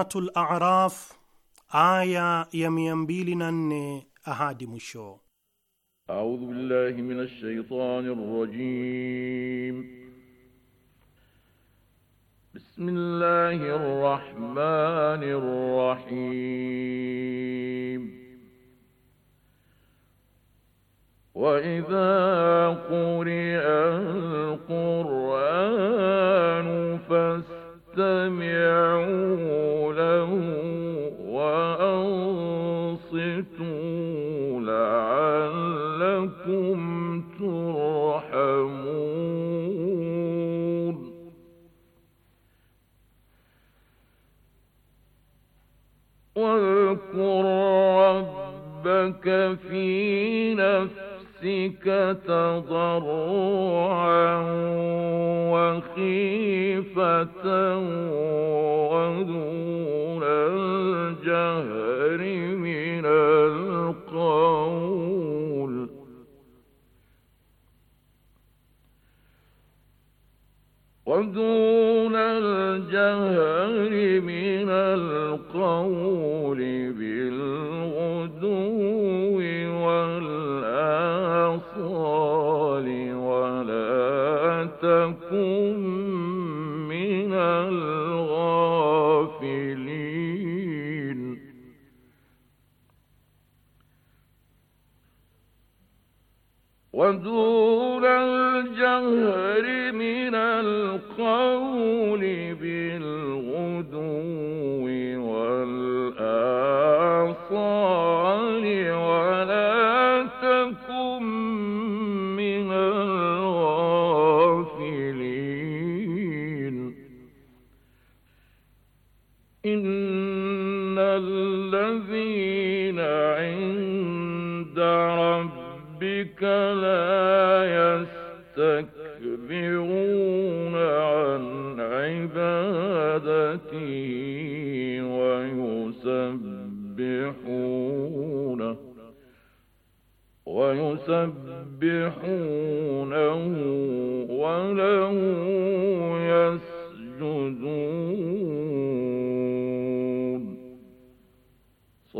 Suratul A'raf aya ya mia mbili na nne ahadi mwisho. A'udhu billahi minash shaitanir rajim. بسم الله الرحمن الرحيم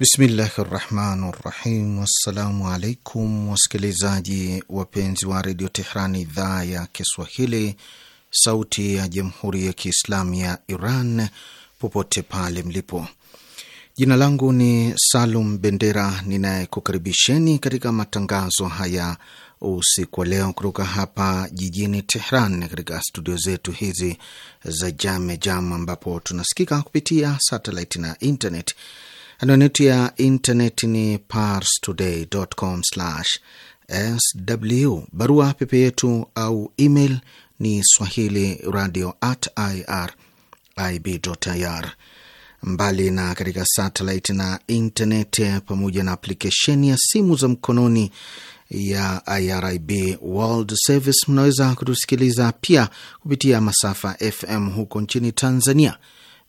Bismillahi rahmani rahim. Wassalamu alaikum wasikilizaji wapenzi wa redio Tehran, idhaa ya Kiswahili, sauti ya jamhuri ya kiislamu ya Iran, popote pale mlipo. Jina langu ni Salum Bendera ninayekukaribisheni katika matangazo haya usiku wa leo kutoka hapa jijini Tehran, katika studio zetu hizi za Jame Jam, ambapo tunasikika kupitia satelit na internet. Anwani yetu ya intaneti ni parstoday.com/sw. Barua pepe yetu au email ni swahili radio at irib.ir. Mbali na katika satellite na intaneti pamoja na aplikesheni ya simu za mkononi ya IRIB World Service, mnaweza kutusikiliza pia kupitia masafa FM huko nchini Tanzania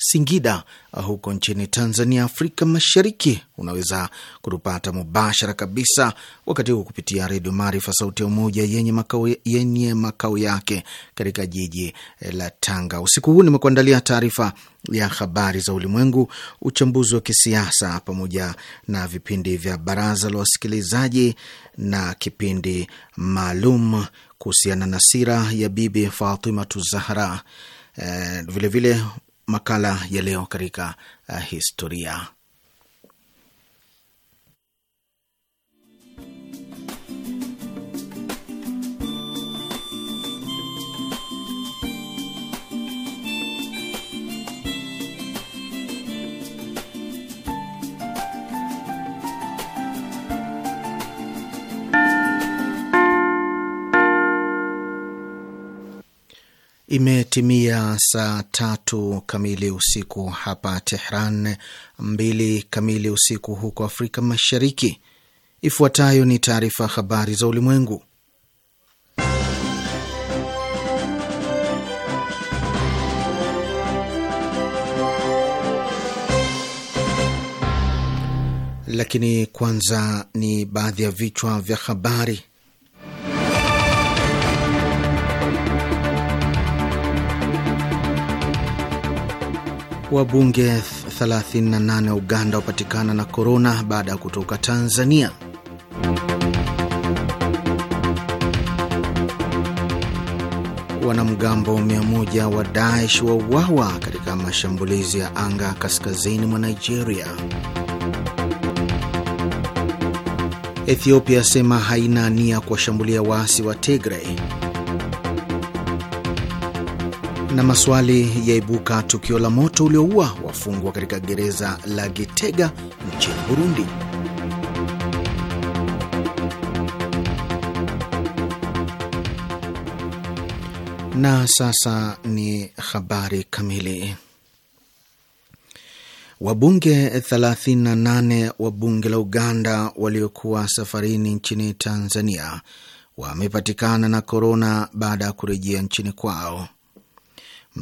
Singida uh, huko nchini Tanzania, Afrika Mashariki. Unaweza kutupata mubashara kabisa wakati huu kupitia Redio Maarifa, sauti ya Umoja, yenye makao yenye makao yake katika jiji eh, la Tanga. Usiku huu nimekuandalia taarifa ya habari za ulimwengu, uchambuzi wa kisiasa, pamoja na vipindi vya baraza la wasikilizaji na kipindi maalum kuhusiana na sira ya Bibi Fatimatu Zahra. Vilevile eh, makala ya leo katika uh, historia. Imetimia saa tatu kamili usiku hapa Tehran, mbili kamili usiku huko Afrika Mashariki. Ifuatayo ni taarifa habari za ulimwengu, lakini kwanza ni baadhi ya vichwa vya habari. Wabunge 38 wa Uganda wapatikana na korona baada ya kutoka Tanzania. Wanamgambo 100 wa Daesh wauawa katika mashambulizi ya anga kaskazini mwa Nigeria. Ethiopia yasema haina nia kuwashambulia waasi wa Tigray. Na maswali yaibuka, tukio la moto ulioua wafungwa katika gereza la Gitega nchini Burundi. Na sasa ni habari kamili. Wabunge 38 wa bunge la Uganda waliokuwa safarini nchini Tanzania wamepatikana na korona baada ya kurejea nchini kwao.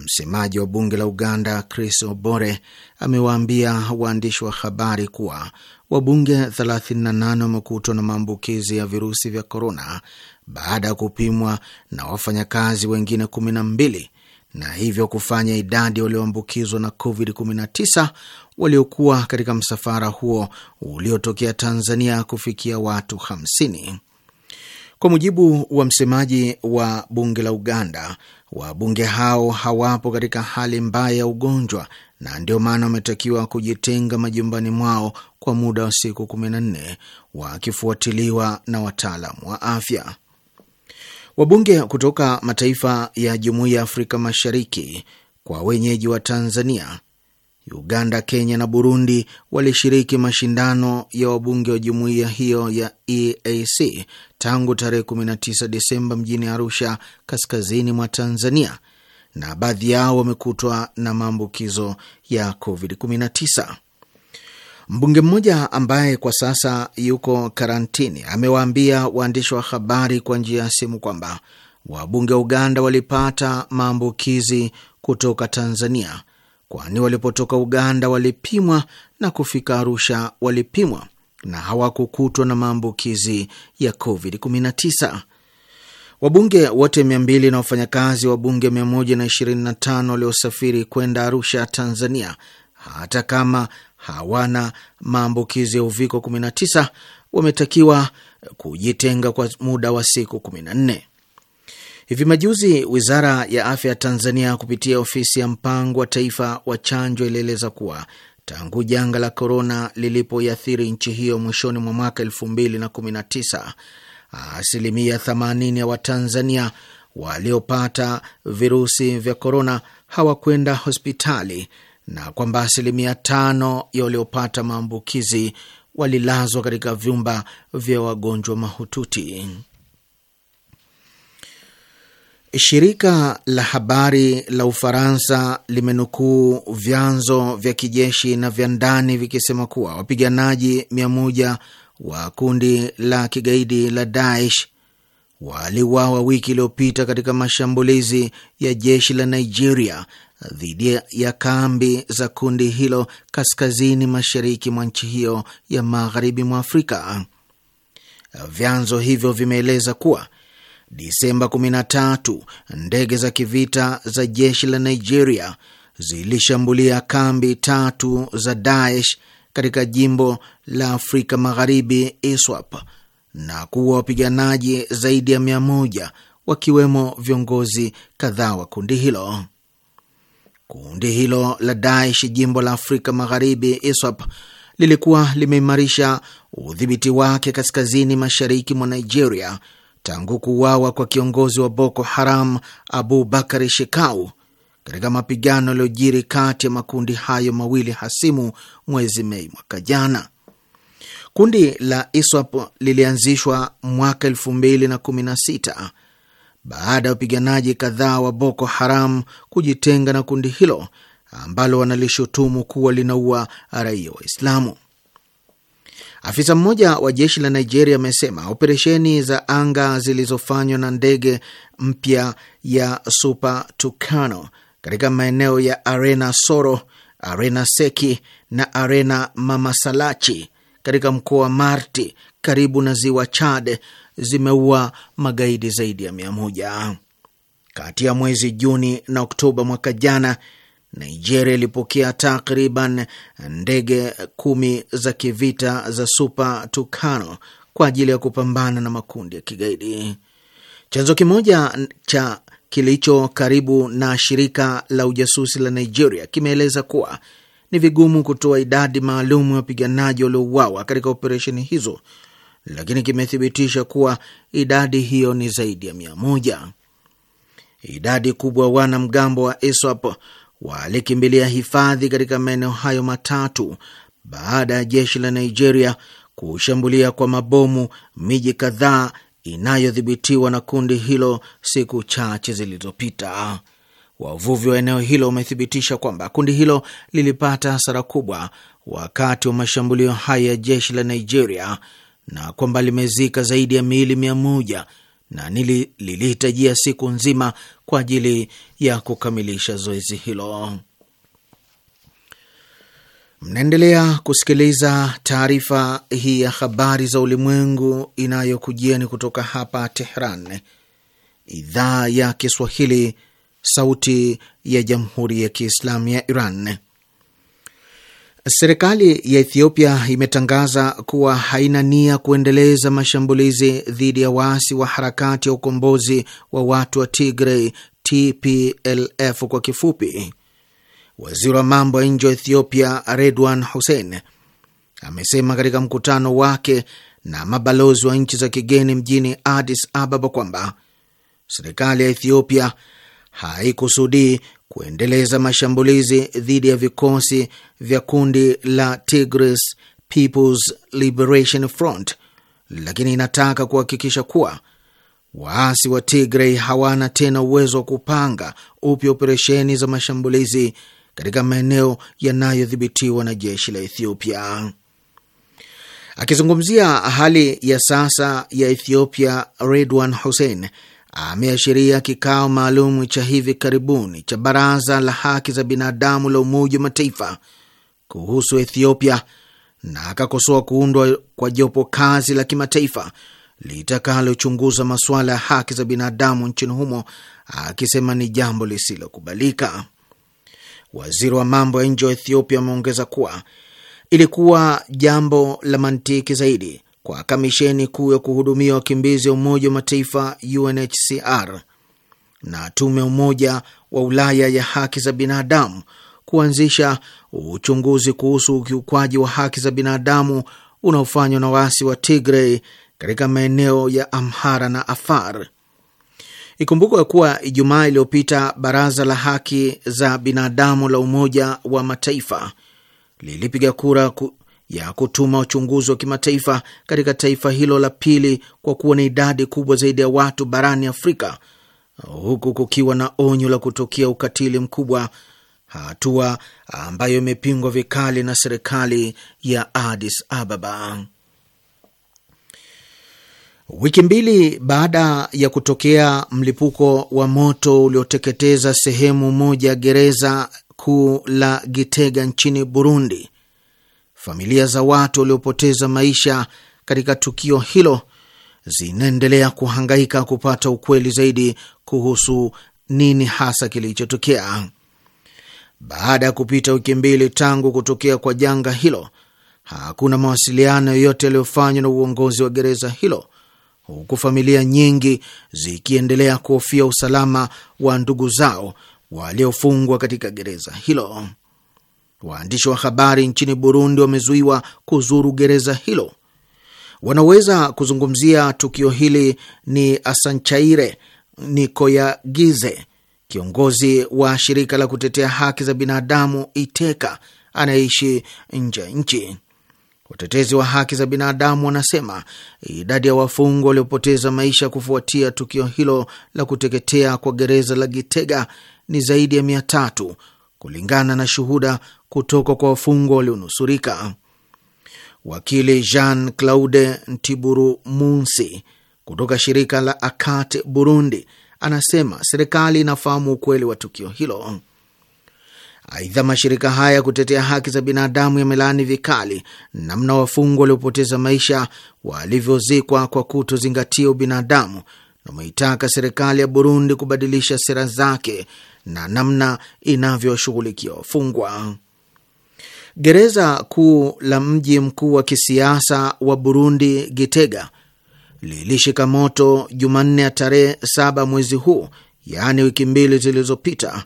Msemaji wa bunge la Uganda Chris Obore amewaambia waandishi wa habari kuwa wabunge 38 wamekutwa na maambukizi ya virusi vya korona baada ya kupimwa na wafanyakazi wengine 12 na hivyo kufanya idadi walioambukizwa na COVID-19 waliokuwa katika msafara huo uliotokea Tanzania kufikia watu 50. Kwa mujibu wa msemaji wa bunge la Uganda, wabunge hao hawapo katika hali mbaya ya ugonjwa na ndio maana wametakiwa kujitenga majumbani mwao kwa muda wa siku kumi na nne wakifuatiliwa na wataalam wa afya. Wabunge kutoka mataifa ya Jumuiya ya Afrika Mashariki kwa wenyeji wa Tanzania, Uganda, Kenya na Burundi walishiriki mashindano ya wabunge wa jumuiya hiyo ya EAC tangu tarehe 19 Desemba mjini Arusha, kaskazini mwa Tanzania, na baadhi yao wamekutwa na maambukizo ya COVID-19. Mbunge mmoja ambaye kwa sasa yuko karantini amewaambia waandishi wa habari kwa njia ya simu kwamba wabunge wa Uganda walipata maambukizi kutoka Tanzania, kwani walipotoka Uganda walipimwa na kufika Arusha walipimwa na hawakukutwa na maambukizi ya COVID-19. Wabunge wote 2 na wafanyakazi wa bunge 125 waliosafiri kwenda Arusha, Tanzania, hata kama hawana maambukizi ya uviko 19 wametakiwa kujitenga kwa muda wa siku 14. Hivi majuzi wizara ya afya ya Tanzania kupitia ofisi ya mpango wa taifa wa chanjo ilieleza kuwa tangu janga la korona lilipoiathiri nchi hiyo mwishoni mwa mwaka 2019 asilimia 80 ya Watanzania waliopata virusi vya korona hawakwenda hospitali na kwamba asilimia tano ya waliopata maambukizi walilazwa katika vyumba vya wagonjwa mahututi. Shirika la habari la Ufaransa limenukuu vyanzo vya kijeshi na vya ndani vikisema kuwa wapiganaji mia moja wa kundi la kigaidi la Daesh waliuawa wiki iliyopita katika mashambulizi ya jeshi la Nigeria dhidi ya kambi za kundi hilo kaskazini mashariki mwa nchi hiyo ya magharibi mwa Afrika. Vyanzo hivyo vimeeleza kuwa Disemba 13 ndege za kivita za jeshi la Nigeria zilishambulia kambi tatu za Daesh katika jimbo la Afrika Magharibi, ISWAP, na kuwa wapiganaji zaidi ya mia moja wakiwemo viongozi kadhaa wa kundi hilo. Kundi hilo la Daesh jimbo la Afrika Magharibi, ISWAP, lilikuwa limeimarisha udhibiti wake kaskazini mashariki mwa Nigeria tangu kuuawa kwa kiongozi wa Boko Haram Abu Bakari Shekau katika mapigano yaliyojiri kati ya makundi hayo mawili hasimu mwezi Mei mwaka jana. Kundi la ISWAP lilianzishwa mwaka elfu mbili na kumi na sita baada ya wapiganaji kadhaa wa Boko Haram kujitenga na kundi hilo ambalo wanalishutumu kuwa linaua raia Waislamu. Afisa mmoja wa jeshi la Nigeria amesema operesheni za anga zilizofanywa na ndege mpya ya Super Tucano katika maeneo ya Arena Soro, Arena Seki na Arena Mamasalachi katika mkoa wa Marti karibu na ziwa Chad zimeua magaidi zaidi ya mia moja kati ya mwezi Juni na Oktoba mwaka jana. Nigeria ilipokea takriban ndege kumi za kivita za Super Tucano kwa ajili ya kupambana na makundi ya kigaidi. Chanzo kimoja cha kilicho karibu na shirika la ujasusi la Nigeria kimeeleza kuwa ni vigumu kutoa idadi maalum ya wapiganaji waliouawa katika operesheni hizo, lakini kimethibitisha kuwa idadi hiyo ni zaidi ya mia moja. Idadi kubwa wanamgambo wa ISWAP walikimbilia hifadhi katika maeneo hayo matatu baada ya jeshi la Nigeria kushambulia kwa mabomu miji kadhaa inayodhibitiwa na kundi hilo siku chache zilizopita. Wavuvi wa eneo hilo wamethibitisha kwamba kundi hilo lilipata hasara kubwa wakati wa mashambulio haya ya jeshi la Nigeria na kwamba limezika zaidi ya miili mia moja na lilihitajia siku nzima kwa ajili ya kukamilisha zoezi hilo. Mnaendelea kusikiliza taarifa hii ya habari za ulimwengu inayokujieni kutoka hapa Tehran, idhaa ya Kiswahili, sauti ya jamhuri ya kiislamu ya Iran. Serikali ya Ethiopia imetangaza kuwa haina nia kuendeleza mashambulizi dhidi ya waasi wa harakati ya ukombozi wa watu wa Tigray, TPLF kwa kifupi. Waziri wa mambo ya nje wa Ethiopia, Redwan Hussein, amesema katika mkutano wake na mabalozi wa nchi za kigeni mjini Addis Ababa kwamba serikali ya Ethiopia haikusudii kuendeleza mashambulizi dhidi ya vikosi vya kundi la Tigris People's Liberation Front, lakini inataka kuhakikisha kuwa waasi wa Tigray hawana tena uwezo wa kupanga upya operesheni za mashambulizi katika maeneo yanayodhibitiwa na jeshi la Ethiopia. Akizungumzia hali ya sasa ya Ethiopia, Redwan Hussein ameashiria kikao maalum cha hivi karibuni cha Baraza la Haki za Binadamu la Umoja wa Mataifa kuhusu Ethiopia na akakosoa kuundwa kwa jopo kazi la kimataifa litakalochunguza masuala ya haki za binadamu nchini humo, akisema ni jambo lisilokubalika. Waziri wa mambo ya nje wa Ethiopia ameongeza kuwa ilikuwa jambo la mantiki zaidi kwa kamisheni kuu ya kuhudumia wakimbizi ya Umoja wa Mataifa UNHCR na tume ya Umoja wa Ulaya ya haki za binadamu kuanzisha uchunguzi kuhusu ukiukwaji wa haki za binadamu unaofanywa na waasi wa Tigray katika maeneo ya Amhara na Afar. Ikumbukwa kuwa Ijumaa iliyopita baraza la haki za binadamu la Umoja wa Mataifa lilipiga kura ku, ya kutuma uchunguzi wa kimataifa katika taifa hilo la pili kwa kuwa na idadi kubwa zaidi ya watu barani Afrika, huku kukiwa na onyo la kutokea ukatili mkubwa, hatua ambayo imepingwa vikali na serikali ya Addis Ababa. Wiki mbili baada ya kutokea mlipuko wa moto ulioteketeza sehemu moja ya gereza kuu la Gitega nchini Burundi, familia za watu waliopoteza maisha katika tukio hilo zinaendelea kuhangaika kupata ukweli zaidi kuhusu nini hasa kilichotokea. Baada ya kupita wiki mbili tangu kutokea kwa janga hilo, hakuna mawasiliano yoyote yaliyofanywa na uongozi wa gereza hilo, huku familia nyingi zikiendelea kuhofia usalama wa ndugu zao waliofungwa katika gereza hilo. Waandishi wa habari nchini Burundi wamezuiwa kuzuru gereza hilo. Wanaweza kuzungumzia tukio hili ni Asanchaire Nikoyagize, kiongozi wa shirika la kutetea haki za binadamu Iteka anayeishi nje ya nchi. Watetezi wa haki za binadamu wanasema idadi ya wafungwa waliopoteza maisha kufuatia tukio hilo la kuteketea kwa gereza la Gitega ni zaidi ya mia tatu kulingana na shuhuda kutoka kwa wafungwa walionusurika. Wakili Jean Claude Ntiburu Munsi kutoka shirika la Akat Burundi anasema serikali inafahamu ukweli wa tukio hilo. Aidha, mashirika haya ya kutetea haki za binadamu yamelaani vikali namna wafungwa waliopoteza maisha walivyozikwa kwa kutozingatia ubinadamu umeitaka serikali ya Burundi kubadilisha sera zake na namna inavyoshughulikia wafungwa. Gereza kuu la mji mkuu wa kisiasa wa Burundi, Gitega, lilishika moto Jumanne ya tarehe saba mwezi huu, yaani wiki mbili zilizopita,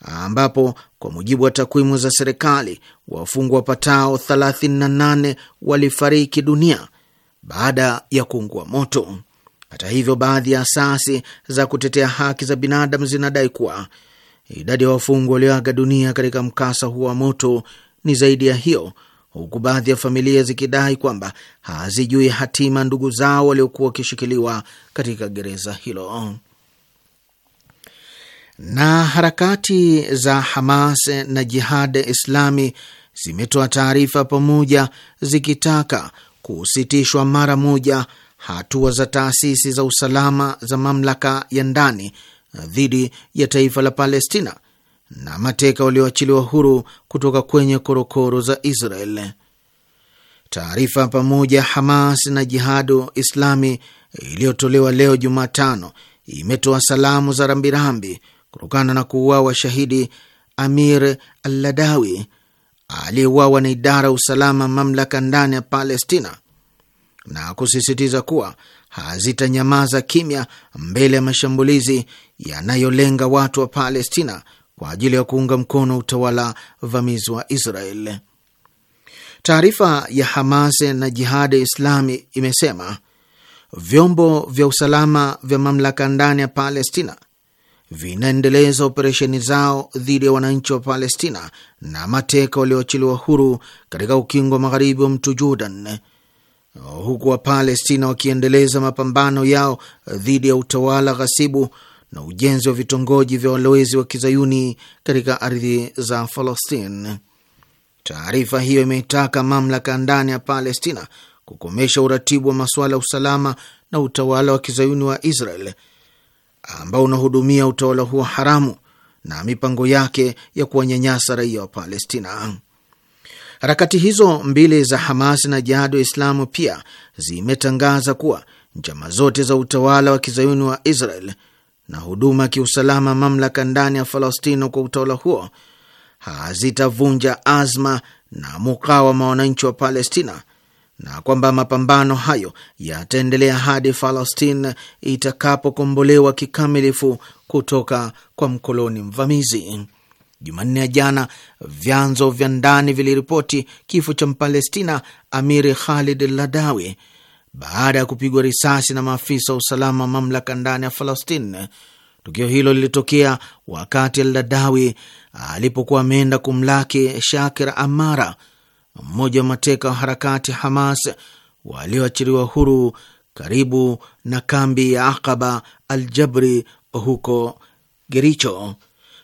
ambapo kwa mujibu wa takwimu za serikali wafungwa wapatao 38 walifariki dunia baada ya kuungua moto. Hata hivyo, baadhi ya asasi za kutetea haki za binadamu zinadai kuwa idadi ya wafungwa walioaga dunia katika mkasa huo wa moto ni zaidi ya hiyo, huku baadhi ya familia zikidai kwamba hazijui hatima ndugu zao waliokuwa wakishikiliwa katika gereza hilo. Na harakati za Hamas na Jihad Islami zimetoa taarifa pamoja zikitaka kusitishwa mara moja hatua za taasisi za usalama za mamlaka ya ndani eh, dhidi ya taifa la Palestina na mateka walioachiliwa huru kutoka kwenye korokoro za Israel. Taarifa pamoja Hamas na Jihadu Islami iliyotolewa leo Jumatano imetoa salamu za rambirambi kutokana na kuuawa shahidi Amir Alladawi aliyeuawa na idara ya usalama mamlaka ndani ya Palestina na kusisitiza kuwa hazitanyamaza kimya mbele ya mashambulizi yanayolenga watu wa Palestina kwa ajili ya kuunga mkono utawala vamizi wa Israel. Taarifa ya Hamas na Jihadi Islami imesema vyombo vya usalama vya mamlaka ndani ya Palestina vinaendeleza operesheni zao dhidi ya wananchi wa Palestina na mateka walioachiliwa huru katika ukingo wa magharibi wa mto Jordan huku Wapalestina wakiendeleza mapambano yao dhidi ya utawala ghasibu na ujenzi wa vitongoji vya walowezi wa kizayuni katika ardhi za Palestina. Taarifa hiyo imeitaka mamlaka ndani ya Palestina kukomesha uratibu wa masuala ya usalama na utawala wa kizayuni wa Israel ambao unahudumia utawala huo haramu na mipango yake ya kuwanyanyasa raia wa Palestina. Harakati hizo mbili za Hamas na Jihadi wa islamu pia zimetangaza kuwa njama zote za utawala wa kizayuni wa Israel na huduma ya kiusalama mamlaka ndani ya Falastino kwa utawala huo hazitavunja azma na mukawama wa wananchi wa Palestina na kwamba mapambano hayo yataendelea hadi falastine itakapokombolewa kikamilifu kutoka kwa mkoloni mvamizi. Jumanne ya jana, vyanzo vya ndani viliripoti kifo cha Mpalestina Amiri Khalid Ladawi baada ya kupigwa risasi na maafisa wa usalama mamlaka ndani ya Falastin. Tukio hilo lilitokea wakati ladawi alipokuwa ameenda kumlaki Shakir Amara, mmoja wa mateka wa harakati Hamas walioachiliwa huru karibu na kambi ya Aqaba Aljabri huko Gericho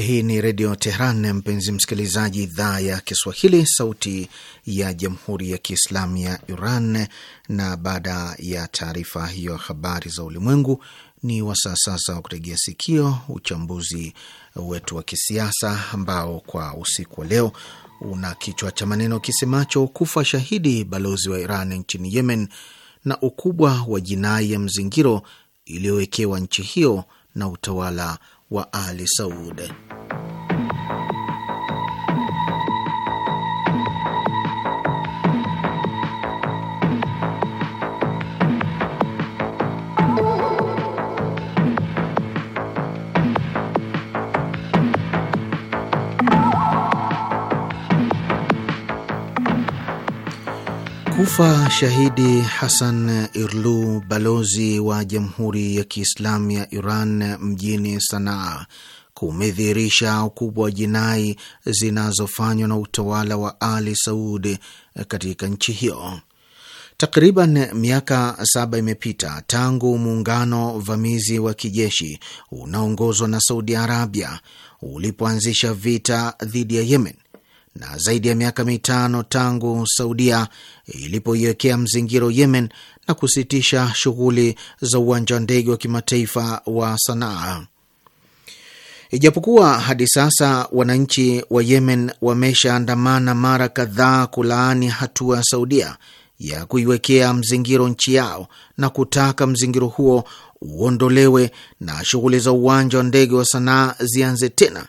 Hii ni Redio Tehran, mpenzi msikilizaji, idhaa ya Kiswahili, sauti ya Jamhuri ya Kiislamu ya Iran. Na baada ya taarifa hiyo habari za ulimwengu, ni wasaa sasa wa kutegea sikio uchambuzi wetu wa kisiasa ambao kwa usiku wa leo una kichwa cha maneno kisemacho kufa shahidi balozi wa Iran nchini Yemen na ukubwa wa jinai ya mzingiro iliyowekewa nchi hiyo na utawala wa Ali Saud. kufa shahidi Hasan Irlu, balozi wa Jamhuri ya Kiislamu ya Iran mjini Sanaa, kumedhihirisha ukubwa wa jinai zinazofanywa na utawala wa Ali saud katika nchi hiyo. Takriban miaka saba imepita tangu muungano vamizi wa kijeshi unaoongozwa na Saudi Arabia ulipoanzisha vita dhidi ya Yemen na zaidi ya miaka mitano tangu Saudia ilipoiwekea mzingiro Yemen na kusitisha shughuli za uwanja wa ndege wa kimataifa wa Sanaa. Ijapokuwa hadi sasa wananchi wa Yemen wameshaandamana mara kadhaa kulaani hatua ya Saudia ya kuiwekea mzingiro nchi yao na kutaka mzingiro huo uondolewe na shughuli za uwanja wa ndege wa Sanaa zianze tena,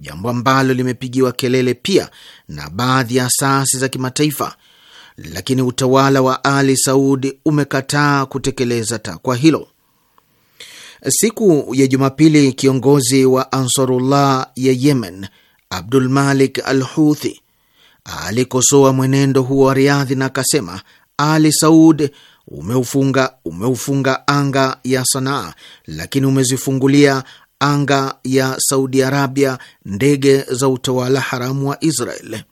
jambo ambalo limepigiwa kelele pia na baadhi ya asasi za kimataifa, lakini utawala wa Ali Saudi umekataa kutekeleza takwa hilo. Siku ya Jumapili, kiongozi wa Ansarullah ya Yemen Abdul Malik al Huthi alikosoa mwenendo huo wa Riadhi na akasema, Ali Saud umeufunga, umeufunga anga ya Sanaa, lakini umezifungulia anga ya Saudi Arabia ndege za utawala haramu wa Israel.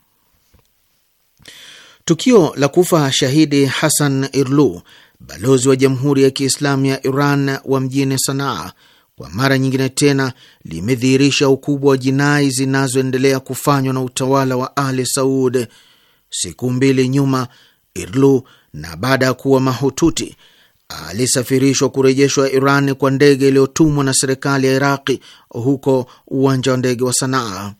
Tukio la kufa shahidi Hassan Irlu, balozi wa Jamhuri ya Kiislamu ya Iran wa mjini Sanaa, kwa mara nyingine tena limedhihirisha ukubwa wa jinai zinazoendelea kufanywa na utawala wa Ali Saud. Siku mbili nyuma, Irlu na baada ya kuwa mahututi alisafirishwa kurejeshwa Iran kwa ndege iliyotumwa na serikali ya Iraqi huko uwanja wa ndege wa Sanaa,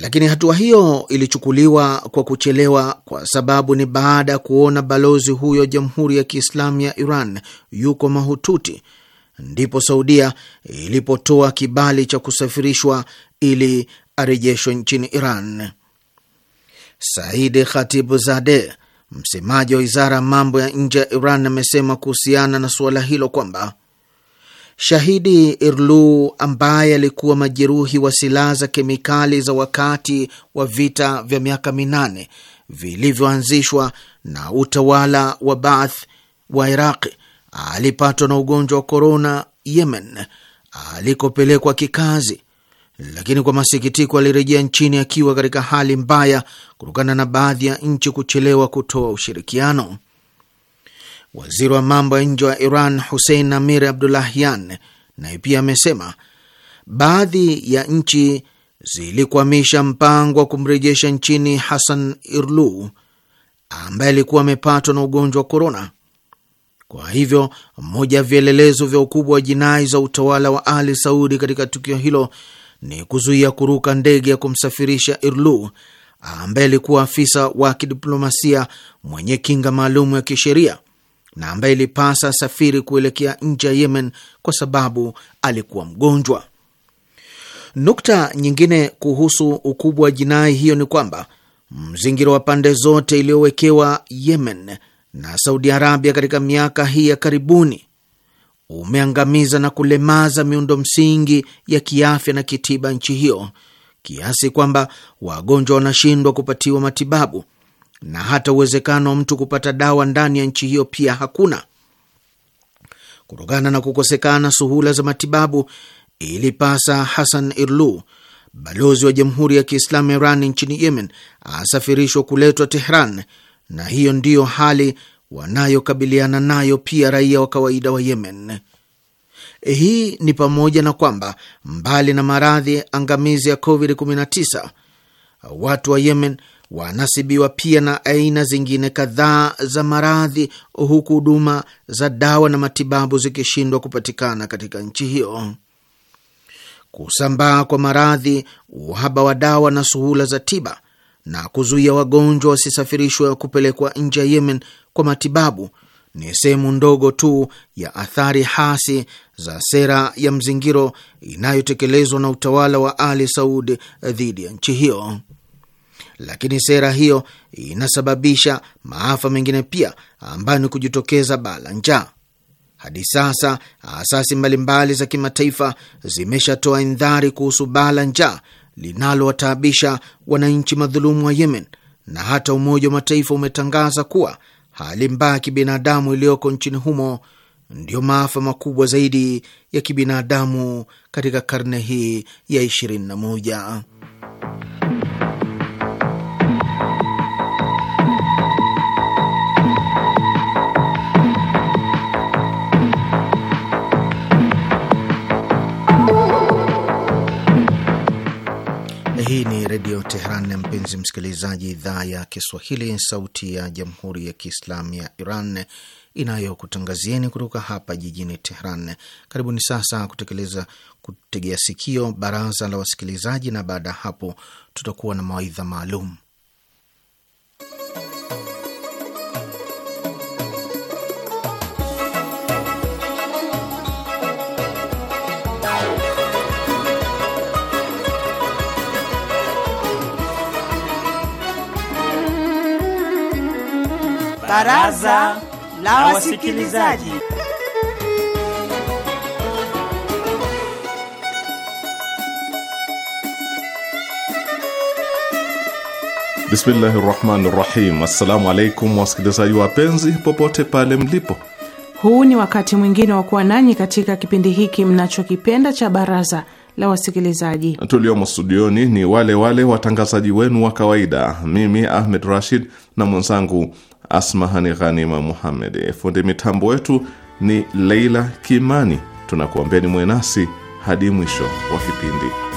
lakini hatua hiyo ilichukuliwa kwa kuchelewa, kwa sababu ni baada ya kuona balozi huyo Jamhuri ya Kiislamu ya Iran yuko mahututi, ndipo Saudia ilipotoa kibali cha kusafirishwa ili arejeshwe nchini Iran. Saidi Zadeh Msemaji wa wizara ya mambo ya nje ya Iran amesema kuhusiana na suala hilo kwamba shahidi Irlu ambaye alikuwa majeruhi wa silaha za kemikali za wakati wa vita vya miaka minane vilivyoanzishwa na utawala wa Baath wa Iraqi alipatwa na ugonjwa wa korona Yemen alikopelekwa kikazi lakini kwa masikitiko alirejea nchini akiwa katika hali mbaya kutokana na baadhi ya nchi kuchelewa kutoa ushirikiano. Waziri wa mambo ya nje wa Iran Hussein Amir Abdullahian naye pia amesema baadhi ya nchi zilikwamisha mpango wa kumrejesha nchini Hassan irlu ambaye alikuwa amepatwa na ugonjwa wa korona. Kwa hivyo, moja ya vielelezo vya ukubwa wa jinai za utawala wa Ali Saudi katika tukio hilo ni kuzuia kuruka ndege ya kumsafirisha irlu ambaye alikuwa afisa wa kidiplomasia mwenye kinga maalum ya kisheria na ambaye ilipasa safiri kuelekea nje ya Yemen kwa sababu alikuwa mgonjwa. Nukta nyingine kuhusu ukubwa wa jinai hiyo ni kwamba mzingira wa pande zote iliyowekewa Yemen na Saudi Arabia katika miaka hii ya karibuni umeangamiza na kulemaza miundo msingi ya kiafya na kitiba nchi hiyo kiasi kwamba wagonjwa wanashindwa kupatiwa matibabu na hata uwezekano wa mtu kupata dawa ndani ya nchi hiyo pia hakuna. Kutokana na kukosekana suhula za matibabu, ilipasa Hassan Irlu, balozi wa Jamhuri ya Kiislamu Iran nchini Yemen, asafirishwa kuletwa Tehran, na hiyo ndiyo hali wanayokabiliana nayo pia raia wa kawaida wa Yemen. Eh, hii ni pamoja na kwamba mbali na maradhi angamizi ya COVID-19 watu wa Yemen wanasibiwa pia na aina zingine kadhaa za maradhi, huku huduma za dawa na matibabu zikishindwa kupatikana katika nchi hiyo. Kusambaa kwa maradhi, uhaba wa dawa na suhula za tiba na kuzuia wagonjwa wasisafirishwe kupelekwa nje ya Yemen kwa matibabu ni sehemu ndogo tu ya athari hasi za sera ya mzingiro inayotekelezwa na utawala wa Ali saudi dhidi ya nchi hiyo. Lakini sera hiyo inasababisha maafa mengine pia, ambayo ni kujitokeza bala njaa. Hadi sasa asasi mbalimbali za kimataifa zimeshatoa indhari kuhusu bala njaa linalowataabisha wananchi madhulumu wa Yemen, na hata Umoja wa Mataifa umetangaza kuwa hali mbaya ya kibinadamu iliyoko nchini humo ndiyo maafa makubwa zaidi ya kibinadamu katika karne hii ya 21. Hii ni Redio Teheran, mpenzi msikilizaji, idhaa ya Kiswahili, sauti ya Jamhuri ya Kiislamu ya Iran inayokutangazieni kutoka hapa jijini Teheran. Karibuni sasa kutekeleza kutegea sikio baraza la wasikilizaji, na baada ya hapo tutakuwa na mawaidha maalum. Baraza la Wasikilizaji. Bismillahi rahmani rahim. Assalamu alaikum wasikilizaji wapenzi, popote pale mlipo, huu ni wakati mwingine wa kuwa nanyi katika kipindi hiki mnachokipenda cha Baraza la Wasikilizaji. Tuliomo studioni ni wale wale watangazaji wenu wa kawaida, mimi Ahmed Rashid na mwenzangu Asmahani Ghanima Muhammed. Eh, fundi mitambo wetu ni Leila Kimani. Tunakuambeni mwenasi hadi mwisho wa kipindi.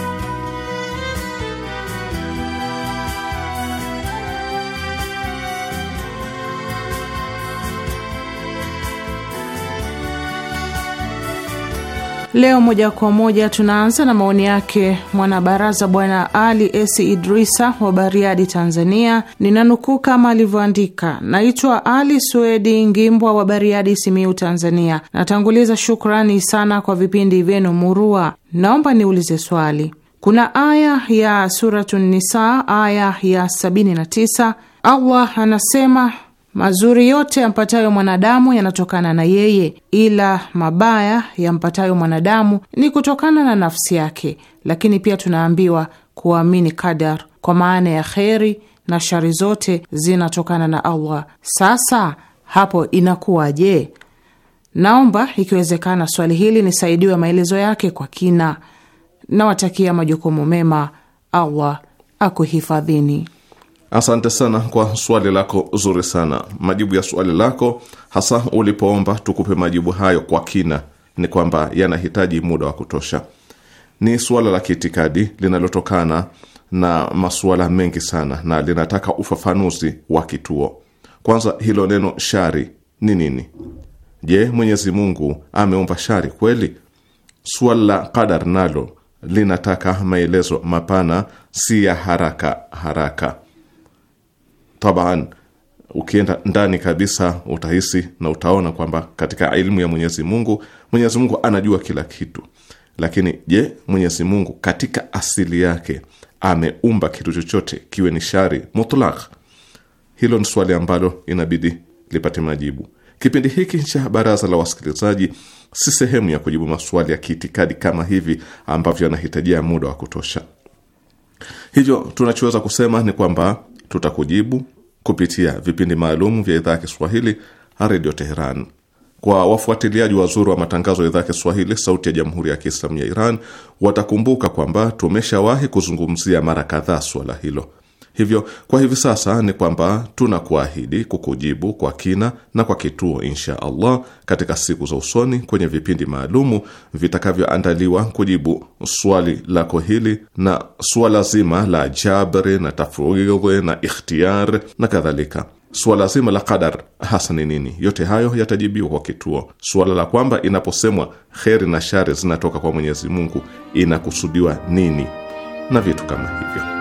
Leo moja kwa moja tunaanza na maoni yake mwanabaraza Bwana Ali Esi Idrisa wa Bariadi, Tanzania. Ninanukuu kama alivyoandika: naitwa Ali Suedi Ngimbwa wa Bariadi, Simiu, Tanzania. Natanguliza shukrani sana kwa vipindi vyenu murua. Naomba niulize swali. Kuna aya ya Suratun Nisa aya ya 79 Allah anasema Mazuri yote yampatayo mwanadamu yanatokana na yeye, ila mabaya yampatayo mwanadamu ni kutokana na nafsi yake. Lakini pia tunaambiwa kuamini kadar, kwa maana ya kheri na shari zote zinatokana na Allah. Sasa hapo inakuwaje? Naomba ikiwezekana swali hili nisaidiwe maelezo yake kwa kina. Nawatakia majukumu mema. Allah akuhifadhini. Asante sana kwa swali lako zuri sana. Majibu ya swali lako hasa ulipoomba tukupe majibu hayo kwa kina, ni kwamba yanahitaji muda wa kutosha. Ni suala la kiitikadi linalotokana na masuala mengi sana na linataka ufafanuzi wa kituo. Kwanza, hilo neno shari ni nini? Je, Mwenyezi Mungu ameumba shari kweli? Suala la qadar nalo linataka maelezo mapana, si ya haraka haraka. Taban, ukienda ndani kabisa utahisi na utaona kwamba katika ilmu ya Mwenyezi Mungu, Mwenyezi Mungu anajua kila kitu. Lakini je, Mwenyezi Mungu katika asili yake ameumba kitu chochote kiwe ni shari mutlaq? Hilo ni swali ambalo inabidi lipate majibu. Kipindi hiki cha Baraza la Wasikilizaji si sehemu ya kujibu maswali ya kiitikadi kama hivi ambavyo yanahitajia muda wa kutosha. Hivyo tunachoweza kusema ni kwamba tutakujibu kupitia vipindi maalum vya idhaa ya Kiswahili Radio Teheran. Kwa wafuatiliaji wazuri wa matangazo ya idhaa ya Kiswahili sauti ya Jamhuri ya Kiislamu ya Iran watakumbuka kwamba tumeshawahi kuzungumzia mara kadhaa suala hilo. Hivyo kwa hivi sasa ni kwamba tunakuahidi kukujibu kwa kina na kwa kituo, insha Allah, katika siku za usoni kwenye vipindi maalumu vitakavyoandaliwa kujibu swali lako hili na suala zima la jabri na tafwidhi na ikhtiar na kadhalika. Suala zima la qadar hasa ni nini? Yote hayo yatajibiwa kwa kituo. Suala la kwamba inaposemwa kheri na shari zinatoka kwa Mwenyezi Mungu inakusudiwa nini na vitu kama hivyo.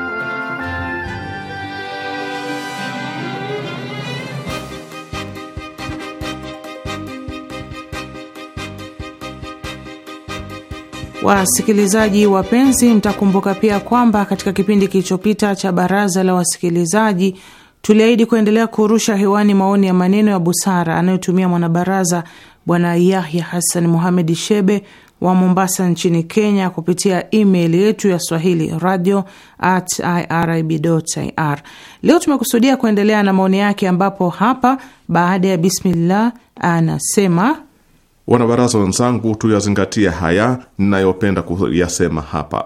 Wasikilizaji wapenzi, mtakumbuka pia kwamba katika kipindi kilichopita cha baraza la wasikilizaji tuliahidi kuendelea kurusha hewani maoni ya maneno ya busara anayotumia mwanabaraza Bwana Yahya Hassan Muhamed Shebe wa Mombasa nchini Kenya kupitia email yetu ya swahili radio at irib.ir. Leo tumekusudia kuendelea na maoni yake, ambapo hapa baada ya bismillah anasema Wanabaraza wenzangu, tuyazingatia haya ninayopenda kuyasema hapa,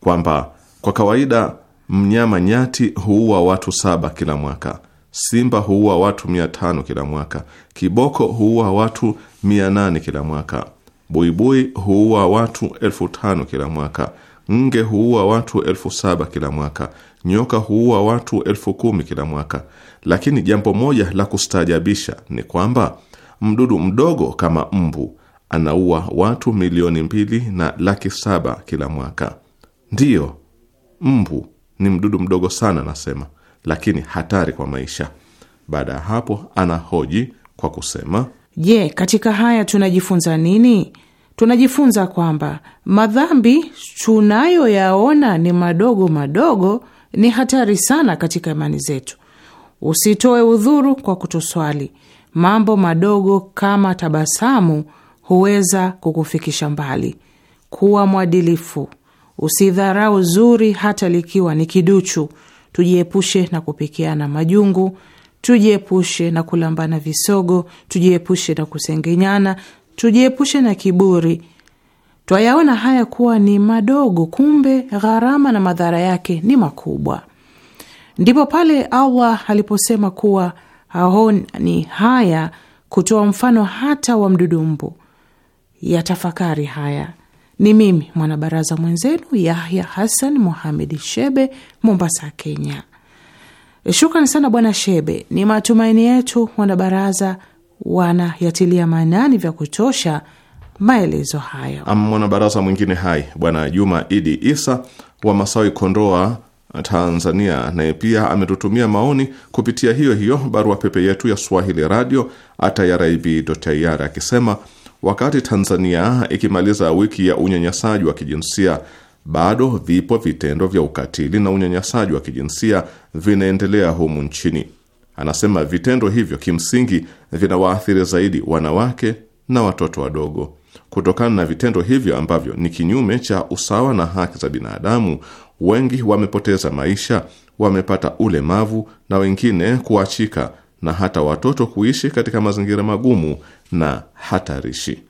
kwamba kwa kawaida mnyama nyati huua watu saba kila mwaka, simba huua watu mia tano kila mwaka, kiboko huua watu mia nane kila mwaka, buibui huua watu elfu tano kila mwaka, nge huua watu elfu saba kila mwaka, nyoka huua watu elfu kumi kila mwaka. Lakini jambo moja la kustaajabisha ni kwamba mdudu mdogo kama mbu anaua watu milioni mbili na laki saba kila mwaka. Ndiyo, mbu ni mdudu mdogo sana, anasema lakini hatari kwa maisha. Baada ya hapo, anahoji kwa kusema, je, katika haya tunajifunza nini? Tunajifunza kwamba madhambi tunayoyaona ni madogo madogo ni hatari sana katika imani zetu. Usitoe udhuru kwa kutoswali, mambo madogo kama tabasamu huweza kukufikisha mbali. Kuwa mwadilifu, usidharau zuri hata likiwa ni kiduchu. Tujiepushe na kupikiana majungu, tujiepushe na kulambana visogo, tujiepushe na kusengenyana, tujiepushe na kiburi. Twayaona haya kuwa ni madogo, kumbe gharama na madhara yake ni makubwa. Ndipo pale Allah aliposema kuwa haoni haya kutoa mfano hata wa mdudu mbu. tafakari haya. Ni mimi mwanabaraza mwenzenu Yahya Hassan muhamed Shebe, Mombasa, Kenya. shukran sana Bwana Shebe. Ni matumaini yetu wanabaraza wanayatilia maanani vya kutosha maelezo hayo. mwanabaraza mwingine hai Bwana Juma Idi Isa wa Masawi, Kondoa, Tanzania, naye pia ametutumia maoni kupitia hiyo hiyo barua pepe yetu ya swahili radio irib.ir akisema wakati Tanzania ikimaliza wiki ya unyanyasaji wa kijinsia bado vipo vitendo vya ukatili na unyanyasaji wa kijinsia vinaendelea humu nchini. Anasema vitendo hivyo kimsingi vinawaathiri zaidi wanawake na watoto wadogo. Kutokana na vitendo hivyo ambavyo ni kinyume cha usawa na haki za binadamu, wengi wamepoteza maisha, wamepata ulemavu na wengine kuachika, na hata watoto kuishi katika mazingira magumu na hatarishi.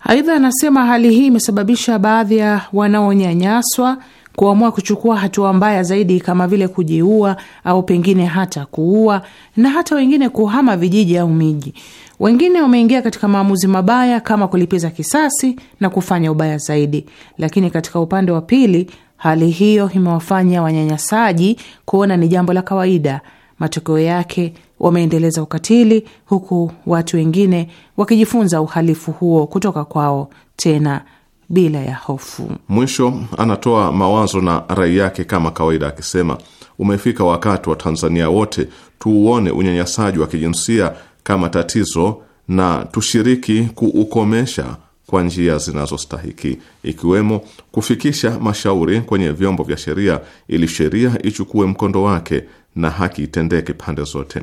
Aidha, anasema hali hii imesababisha baadhi ya wanaonyanyaswa kuamua kuchukua hatua mbaya zaidi kama vile kujiua au pengine hata kuua, na hata wengine kuhama vijiji au miji. Wengine wameingia katika maamuzi mabaya kama kulipiza kisasi na kufanya ubaya zaidi. Lakini katika upande wa pili, hali hiyo imewafanya wanyanyasaji kuona ni jambo la kawaida. Matokeo yake wameendeleza ukatili, huku watu wengine wakijifunza uhalifu huo kutoka kwao tena bila ya hofu. Mwisho anatoa mawazo na rai yake kama kawaida, akisema umefika wakati wa Tanzania wote tuuone unyanyasaji wa kijinsia kama tatizo na tushiriki kuukomesha kwa njia zinazostahiki ikiwemo kufikisha mashauri kwenye vyombo vya sheria ili sheria ichukue mkondo wake na haki itendeke pande zote.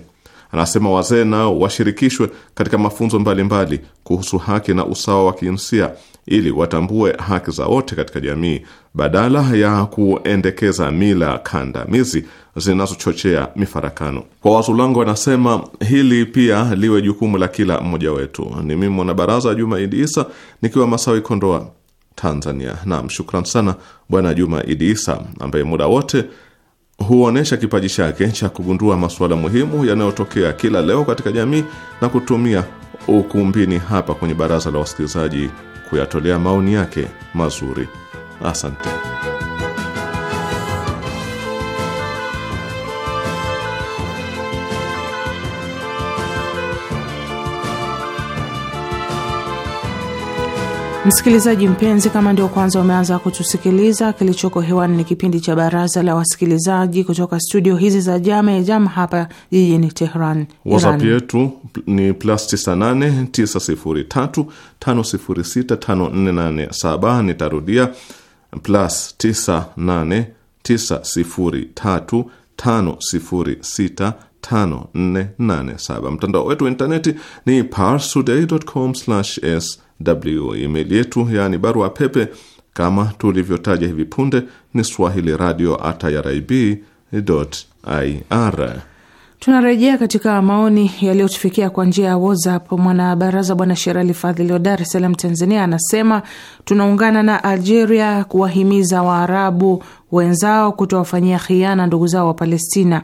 Anasema wazee nao washirikishwe katika mafunzo mbalimbali mbali kuhusu haki na usawa wa kijinsia ili watambue haki za wote katika jamii badala ya kuendekeza mila kandamizi zinazochochea mifarakano. Kwa langu, wanasema hili pia liwe jukumu la kila mmoja wetu. Ni mimi mwanabaraza Juma Idi Isa nikiwa Masawi, Kondoa, Tanzania. Naam, shukran sana Bwana Juma Idi Isa ambaye muda wote huonyesha kipaji chake cha kugundua masuala muhimu yanayotokea kila leo katika jamii na kutumia ukumbini hapa kwenye baraza la wasikilizaji kuyatolea maoni yake mazuri. Asante. Msikilizaji mpenzi, kama ndio kwanza umeanza kutusikiliza, kilichoko hewani ni kipindi cha baraza la wasikilizaji kutoka studio hizi za Jame Jam hapa jijini Tehran. WhatsApp yetu ni plus 98 Nitarudia plus 98 Mtandao wetu wa intaneti ni parstoday.com/s w email yetu yaani barua pepe kama tulivyotaja hivi punde ni swahili radio at irib ir. Tunarejea katika maoni yaliyotufikia kwa njia ya WhatsApp. Mwanabaraza Bwana Sherali Fadhili wa Dar es Salaam, Tanzania, anasema tunaungana na Algeria kuwahimiza Waarabu wenzao kutowafanyia khiana ndugu zao wa Palestina.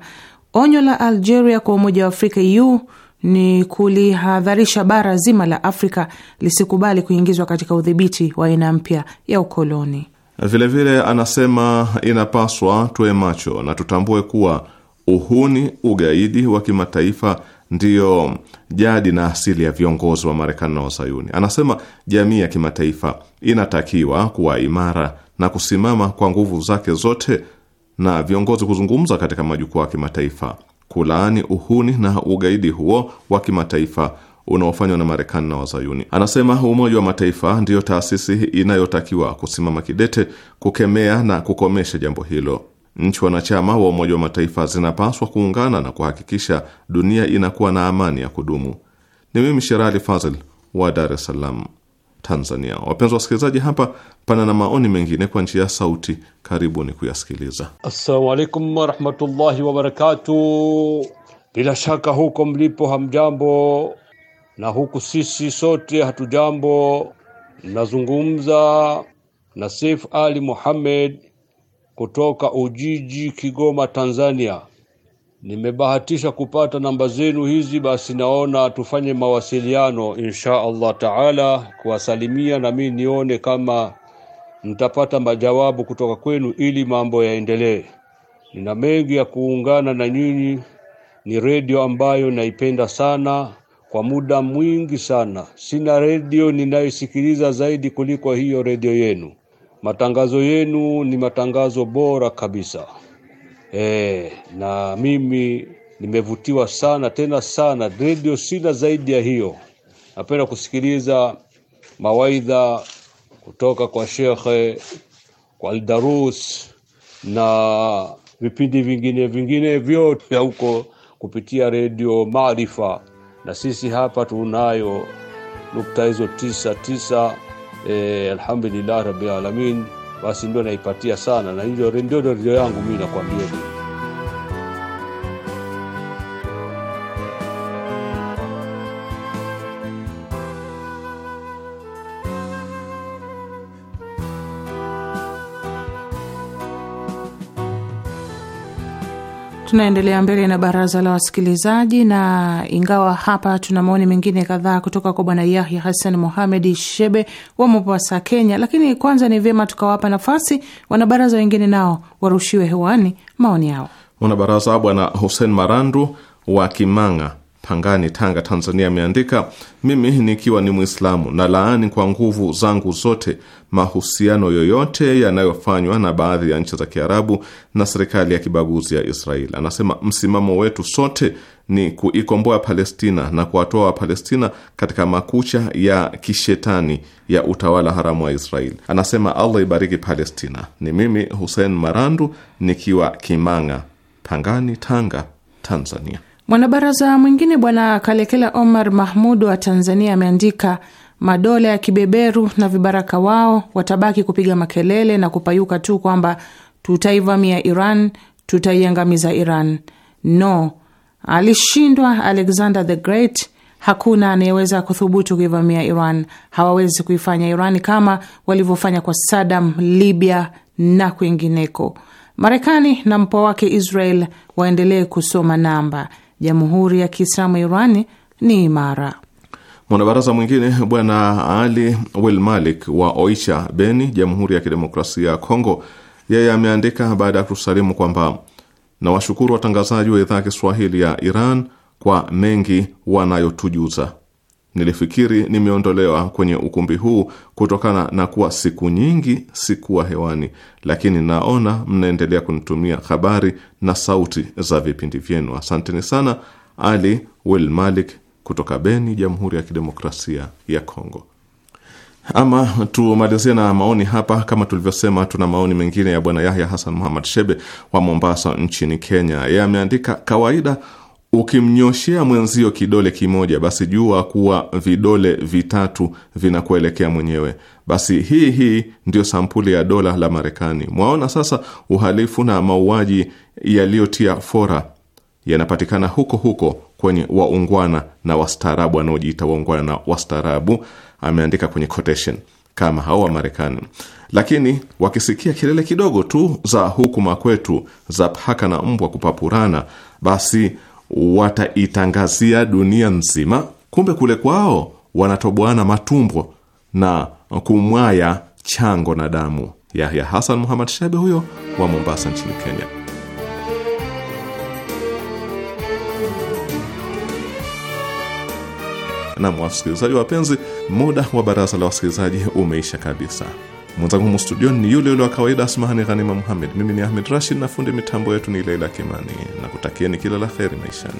Onyo la Algeria kwa Umoja wa Afrika e u ni kulihadharisha bara zima la Afrika lisikubali kuingizwa katika udhibiti wa aina mpya ya ukoloni. Vilevile anasema inapaswa tuwe macho na tutambue kuwa uhuni, ugaidi wa kimataifa ndiyo jadi na asili ya viongozi wa Marekani na Wazayuni. Anasema jamii ya kimataifa inatakiwa kuwa imara na kusimama kwa nguvu zake zote, na viongozi kuzungumza katika majukwaa ya kimataifa kulaani uhuni na ugaidi huo wa kimataifa unaofanywa na Marekani na Wazayuni. Anasema Umoja wa Mataifa ndiyo taasisi inayotakiwa kusimama kidete kukemea na kukomesha jambo hilo. Nchi wanachama wa Umoja wa Mataifa zinapaswa kuungana na kuhakikisha dunia inakuwa na amani ya kudumu. Ni mimi Sherali Fazil wa Dar es Salaam. Tanzania. Wapenzi wasikilizaji, hapa pana na maoni mengine kwa njia ya sauti, karibuni kuyasikiliza. Assalamu alaikum warahmatullahi wabarakatuh. Bila shaka huko mlipo hamjambo, na huku sisi sote hatujambo. Nazungumza Nasif Ali muhammed kutoka Ujiji, Kigoma, Tanzania nimebahatisha kupata namba zenu hizi, basi naona tufanye mawasiliano insha Allah taala, kuwasalimia na mi nione kama mtapata majawabu kutoka kwenu, ili mambo yaendelee. Nina mengi ya kuungana na nyinyi. Ni redio ambayo naipenda sana kwa muda mwingi sana. Sina redio ninayosikiliza zaidi kuliko hiyo redio yenu. Matangazo yenu ni matangazo bora kabisa e, na mimi nimevutiwa sana tena sana. Redio sina zaidi ya hiyo. Napenda kusikiliza mawaidha kutoka kwa shekhe, kwa aldarus na vipindi vingine vingine vyote huko kupitia redio Maarifa, na sisi hapa tunayo nukta hizo tisa tisa. E, alhamdulillah rabbil alamin basi ndio naipatia sana, na hilo ndio ndio yangu mimi nakwambia. Tunaendelea mbele na baraza la wasikilizaji, na ingawa hapa tuna maoni mengine kadhaa kutoka kwa bwana Yahya Hassan Mohamed Shebe wa Mombasa, Kenya, lakini kwanza ni vyema tukawapa nafasi wanabaraza wengine nao warushiwe hewani maoni yao. Mwanabaraza bwana Hussein Marandu wa Kimanga, Pangani, Tanga, Tanzania ameandika, mimi nikiwa ni Mwislamu na laani kwa nguvu zangu zote mahusiano yoyote yanayofanywa na baadhi ya nchi za Kiarabu na serikali ya kibaguzi ya Israel. Anasema msimamo wetu sote ni kuikomboa Palestina na kuwatoa Wapalestina katika makucha ya kishetani ya utawala haramu wa Israel. Anasema Allah ibariki Palestina. Ni mimi Hussein Marandu nikiwa Kimanga, Pangani, Tanga, Tanzania. Mwanabaraza mwingine Bwana Kalekela Omar Mahmud wa Tanzania ameandika madola ya kibeberu na vibaraka wao watabaki kupiga makelele na kupayuka tu kwamba tutaivamia Iran, tutaiangamiza Iran. No, alishindwa Alexander the Great. Hakuna anayeweza kuthubutu kuivamia Iran. Hawawezi kuifanya Iran kama walivyofanya kwa sadam Libya na kwingineko. Marekani na mpwa wake Israel waendelee kusoma namba. Jamhuri ya Kiislamu Irani ni imara. Mwanabaraza mwingine Bwana Ali Wilmalik Malik wa Oicha, Beni, Jamhuri ya Kidemokrasia ya Kongo, yeye ameandika baada ya kusalimu kwamba nawashukuru watangazaji wa idhaa ya Kiswahili ya Iran kwa mengi wanayotujuza. Nilifikiri nimeondolewa kwenye ukumbi huu kutokana na kuwa siku nyingi sikuwa hewani, lakini naona mnaendelea kunitumia habari na sauti za vipindi vyenu. Asanteni sana, Ali Wilmalik kutoka Beni, Jamhuri ya Kidemokrasia ya Kongo. Ama tumalizie na maoni hapa. Kama tulivyosema, tuna maoni mengine ya Bwana Yahya Hasan Muhammad Shebe wa Mombasa nchini Kenya. Yeye ameandika, kawaida ukimnyoshea mwenzio kidole kimoja, basi jua kuwa vidole vitatu vinakuelekea mwenyewe. Basi hii hii ndiyo sampuli ya dola la Marekani. Mwaona sasa uhalifu na mauaji yaliyotia fora yanapatikana huko huko kwenye waungwana na wastaarabu wanaojiita waungwana na wastaarabu, ameandika kwenye quotation kama hao Wamarekani, lakini wakisikia kelele kidogo tu za hukuma kwetu za paka na mbwa kupapurana, basi wataitangazia dunia nzima. Kumbe kule kwao wanatoboana matumbo na kumwaya chango na damu. Yahya hasan Muhammad Shebe huyo wa Mombasa nchini Kenya. na wasikilizaji wapenzi, muda wa baraza la wasikilizaji umeisha kabisa. Mwenzangu humu studioni ni yule yule wa kawaida, Asmahani Ghanima Muhammed. Mimi ni Ahmed Rashid na fundi mitambo yetu ni Leila Kimani, na kutakieni kila la kheri maishani.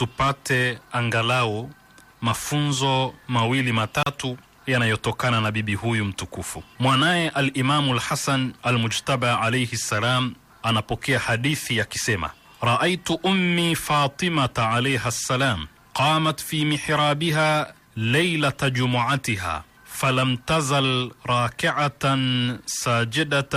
tupate angalau mafunzo mawili matatu yanayotokana na bibi huyu mtukufu. Mwanaye Alimamu Lhasan Almujtaba alaihi ssalam anapokea hadithi akisema, raaitu ummi Fatimata alaiha ssalam qamat fi mihrabiha leilata jumuatiha فلم تزل راكعه ساجده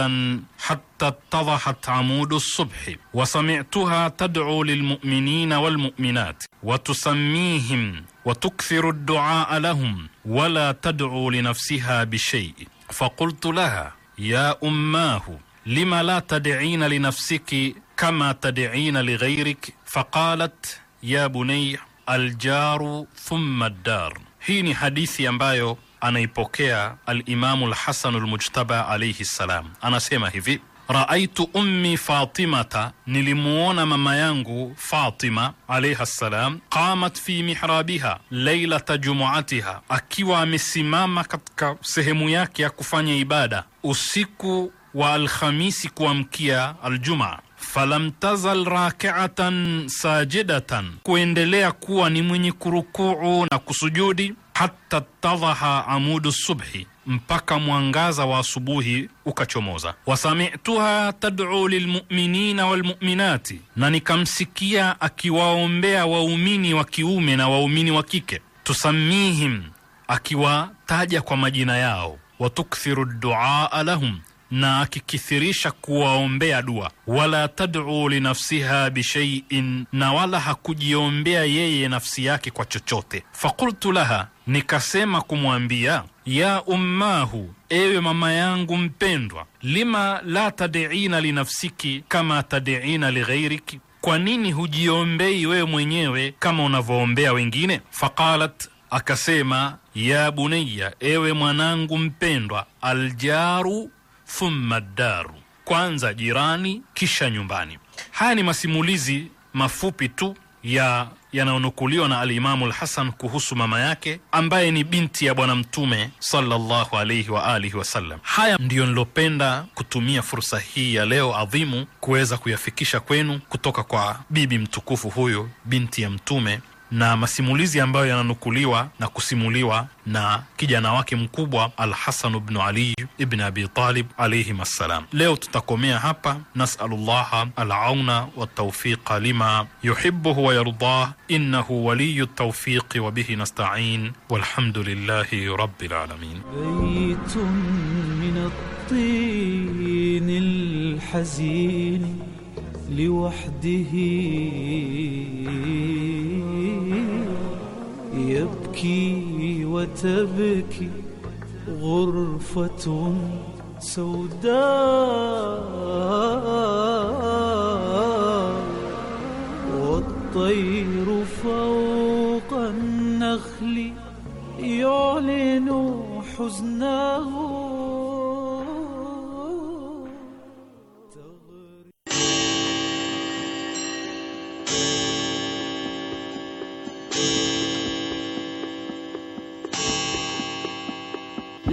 حتى اتضحت عمود الصبح وسمعتها تدعو للمؤمنين والمؤمنات وتسميهم وتكثر الدعاء لهم ولا تدعو لنفسها بشيء فقلت لها يا اماه لم لا تدعين لنفسك كما تدعين لغيرك فقالت يا بني الجار ثم الدار hii ni hadithi ambayo anaipokea Alimamu Lhasanu Lmujtaba alaihi ssalam, anasema hivi: raaitu ummi fatimata, nilimuona mama yangu Fatima alaiha ssalam, qamat fi mihrabiha lailata jumuatiha, akiwa amesimama katika sehemu yake ya kufanya ibada usiku wa Alhamisi kuamkia aljuma falam tazal rakiatan sajidatan, kuendelea kuwa ni mwenye kurukuu na kusujudi hata tadaha amudu subhi, mpaka mwangaza wa asubuhi ukachomoza. Wasamituha tad'u lilmuminina walmuminati, na nikamsikia akiwaombea waumini wa kiume na waumini wa kike. Tusamihim, akiwataja kwa majina yao. Watukthiru duaa lahum, na akikithirisha kuwaombea dua. Wala tad'u linafsiha bishaiin, na wala hakujiombea yeye nafsi yake kwa chochote. Fakultu laha nikasema kumwambia ya ummahu, ewe mama yangu mpendwa, lima la tadiina linafsiki kama tadiina lighairiki, kwa nini hujiombei wewe mwenyewe kama unavyoombea wengine? Faqalat, akasema ya bunayya, ewe mwanangu mpendwa, aljaru thumma daru, kwanza jirani kisha nyumbani. Haya ni masimulizi mafupi tu ya yanayonukuliwa na Alimamu Lhasan kuhusu mama yake ambaye ni binti ya Bwana Mtume sallallahu alaihi wa alihi wasallam. Haya ndiyo nilopenda kutumia fursa hii ya leo adhimu kuweza kuyafikisha kwenu kutoka kwa bibi mtukufu huyu binti ya Mtume na masimulizi ambayo yananukuliwa na kusimuliwa na kijana wake mkubwa Alhasanu bnu Ali ibn Abi Talib alayhim assalam. Leo tutakomea hapa. Nasalullaha alauna waltaufiqa lima yuhibuhu wayardah innahu waliyu wa bihi nastain walhamdulillahi rabbil alamin. Baytun min الطين hazin لوحده يبكي وتبكي غرفة سوداء والطير فوق النخل يعلن حزنه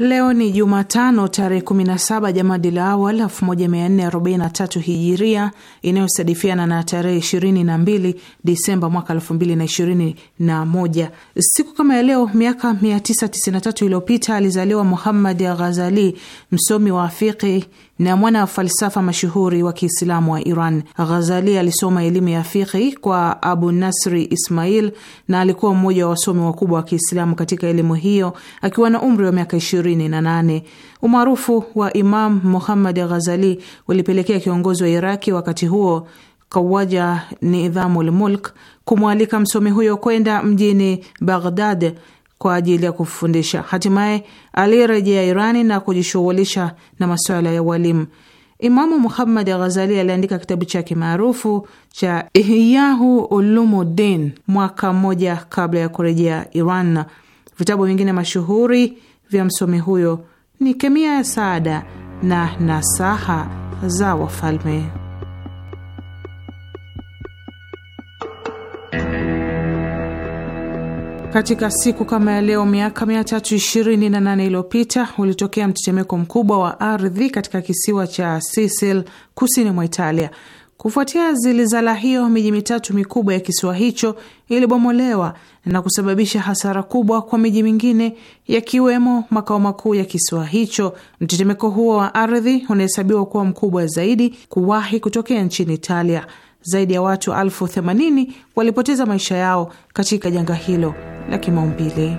Leo ni Jumatano tarehe 17 Jamadi la Awal 1443 Hijiria, inayosadifiana na tarehe 22 Disemba mwaka 2021. Siku kama ya leo miaka 993 iliyopita alizaliwa Muhammad Ghazali, msomi wa fiqhi na mwana wa falsafa mashuhuri wa Kiislamu wa Iran. Ghazali alisoma elimu ya fiqhi kwa Abu Nasri Ismail na alikuwa mmoja wa wasomi wakubwa wa Kiislamu katika elimu hiyo akiwa na umri wa miaka ishirini. 28. Umaarufu wa Imam Muhammad Ghazali ulipelekea kiongozi wa Iraki wakati huo Kawaja Nidhamul Mulk kumwalika msomi huyo kwenda mjini Baghdad kwa ajili ya kufundisha. Hatimaye alirejea Irani na kujishughulisha na masuala ya ualimu. Imamu Muhammad Ghazali aliandika kitabu chake maarufu cha Ihyahu Ulumuddin mwaka mmoja kabla ya kurejea Iran. Vitabu vingine mashuhuri vya msomi huyo ni kemia ya saada na nasaha za wafalme. Katika siku kama ya leo miaka 328 iliyopita ulitokea mtetemeko mkubwa wa ardhi katika kisiwa cha Sicily kusini mwa Italia. Kufuatia zilizala hiyo, miji mitatu mikubwa ya kisiwa hicho ilibomolewa na kusababisha hasara kubwa kwa miji mingine yakiwemo makao makuu ya kisiwa hicho. Mtetemeko huo wa ardhi unahesabiwa kuwa mkubwa zaidi kuwahi kutokea nchini Italia. Zaidi ya watu elfu themanini walipoteza maisha yao katika janga hilo la kimaumbile.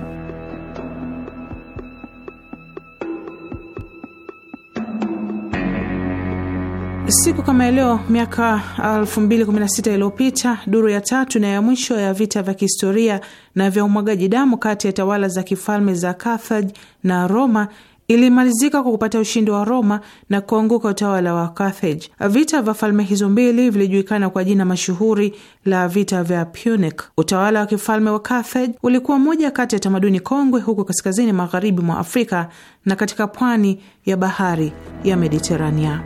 Siku kama leo miaka 2016 iliyopita, duru ya tatu na ya mwisho ya vita vya kihistoria na vya umwagaji damu kati ya tawala za kifalme za Carthage na Roma ilimalizika kwa kupata ushindi wa Roma na kuanguka utawala wa Carthage. Vita vya falme hizo mbili vilijulikana kwa jina mashuhuri la vita vya Punic. Utawala wa kifalme wa Carthage ulikuwa moja kati ya tamaduni kongwe huko kaskazini magharibi mwa Afrika na katika pwani ya bahari ya Mediterania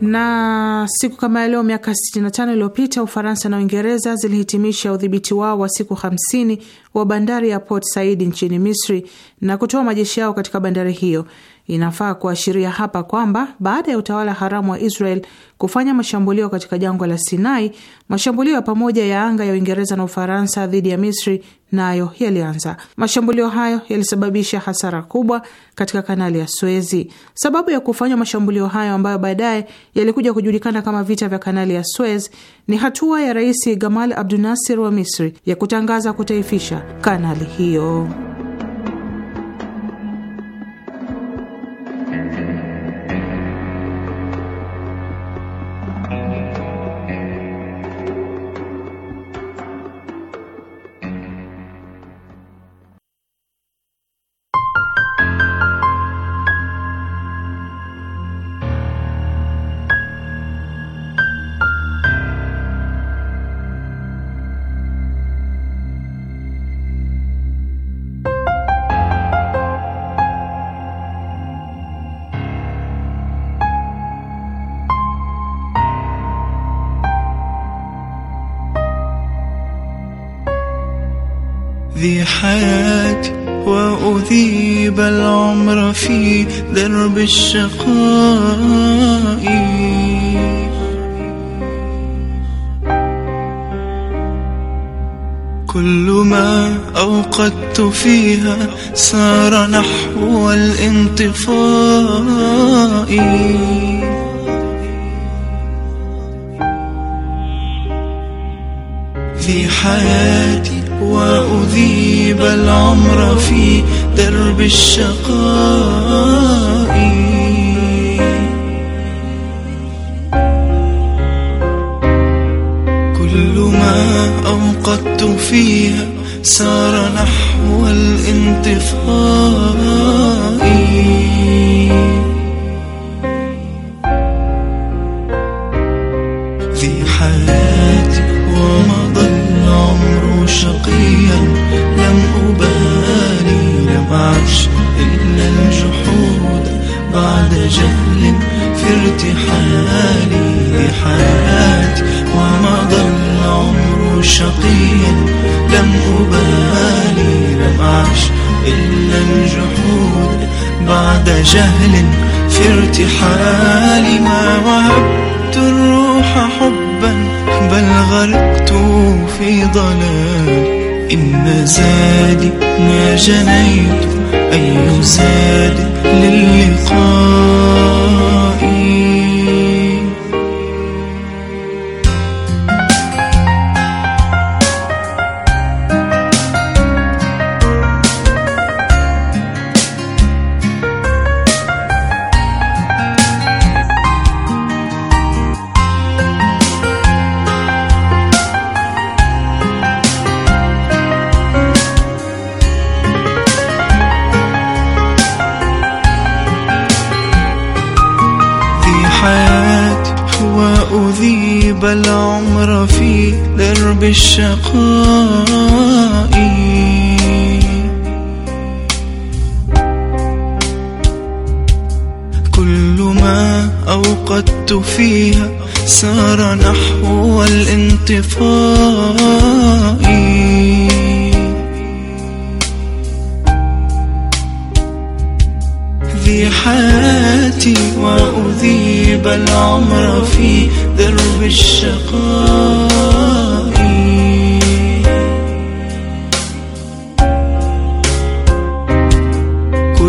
na siku kama leo miaka 65 iliyopita Ufaransa na Uingereza zilihitimisha udhibiti wao wa siku 50 wa bandari ya Port Said nchini Misri na kutoa majeshi yao katika bandari hiyo. Inafaa kuashiria hapa kwamba baada ya utawala haramu wa Israel kufanya mashambulio katika jangwa la Sinai, mashambulio ya pamoja ya anga ya Uingereza na Ufaransa dhidi ya Misri nayo yalianza. Mashambulio hayo yalisababisha hasara kubwa katika kanali ya Suezi. Sababu ya kufanywa mashambulio hayo ambayo baadaye yalikuja kujulikana kama vita vya kanali ya Suez ni hatua ya Rais Gamal Abdunasir wa Misri ya kutangaza kutaifisha kanali hiyo. درب الشقاء كل ما أوقدت فيها سار نحو الانطفاء ذي حياتي وأذيب العمر في درب الشقاء فيها سار نحو الانطفاء ذي حياتي ومضى العمر شقيا لم أبالي لم أعش إلا الجحود بعد جهل في ارتحالي ذي حياتي ومضى العمر شقيا لم أبالي لم أعش إلا الجحود بعد جهل في ارتحالي ما وهبت الروح حبا بل غرقت في ضلال إن زادي ما جنيت أي زاد للقاء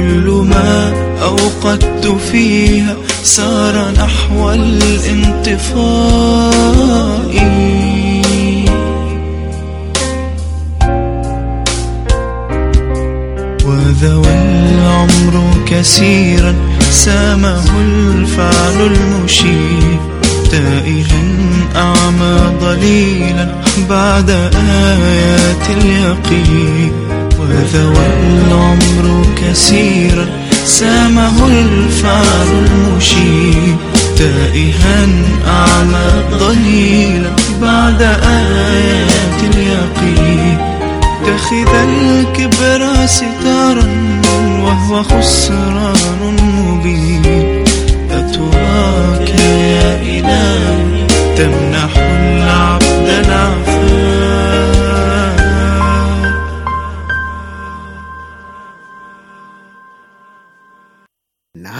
كل ما أوقدت فيها سار نحو الانطفاء وذوى العمر كثيرا سامه الفعل المشير تائها أعمى ضليلا بعد آيات اليقين وذوى والعمر كثيرا سامه الفعل المشير تائها أعمى ضليلا بعد آيات اليقين اتخذ الكبر ستارا وهو خسران مبين أتراك يا إلهي تمنح العبد العفو